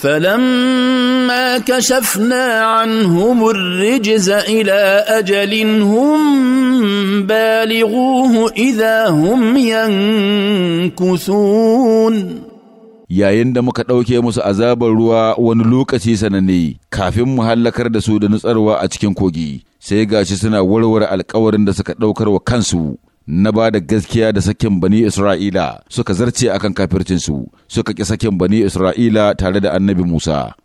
فلما كشفنا عنهم الرجز الى اجل هم بالغوه اذا هم ينكثون yayin da muka ɗauke musu azabar ruwa wani lokaci sananne kafin mu hallakar da su da nutsarwa a cikin kogi sai gashi suna warware alkawarin da suka ɗaukar wa kansu na ba da gaskiya da sakin bani Isra'ila suka zarce akan kafircinsu suka ƙi sakin bani Isra'ila tare da annabi Musa.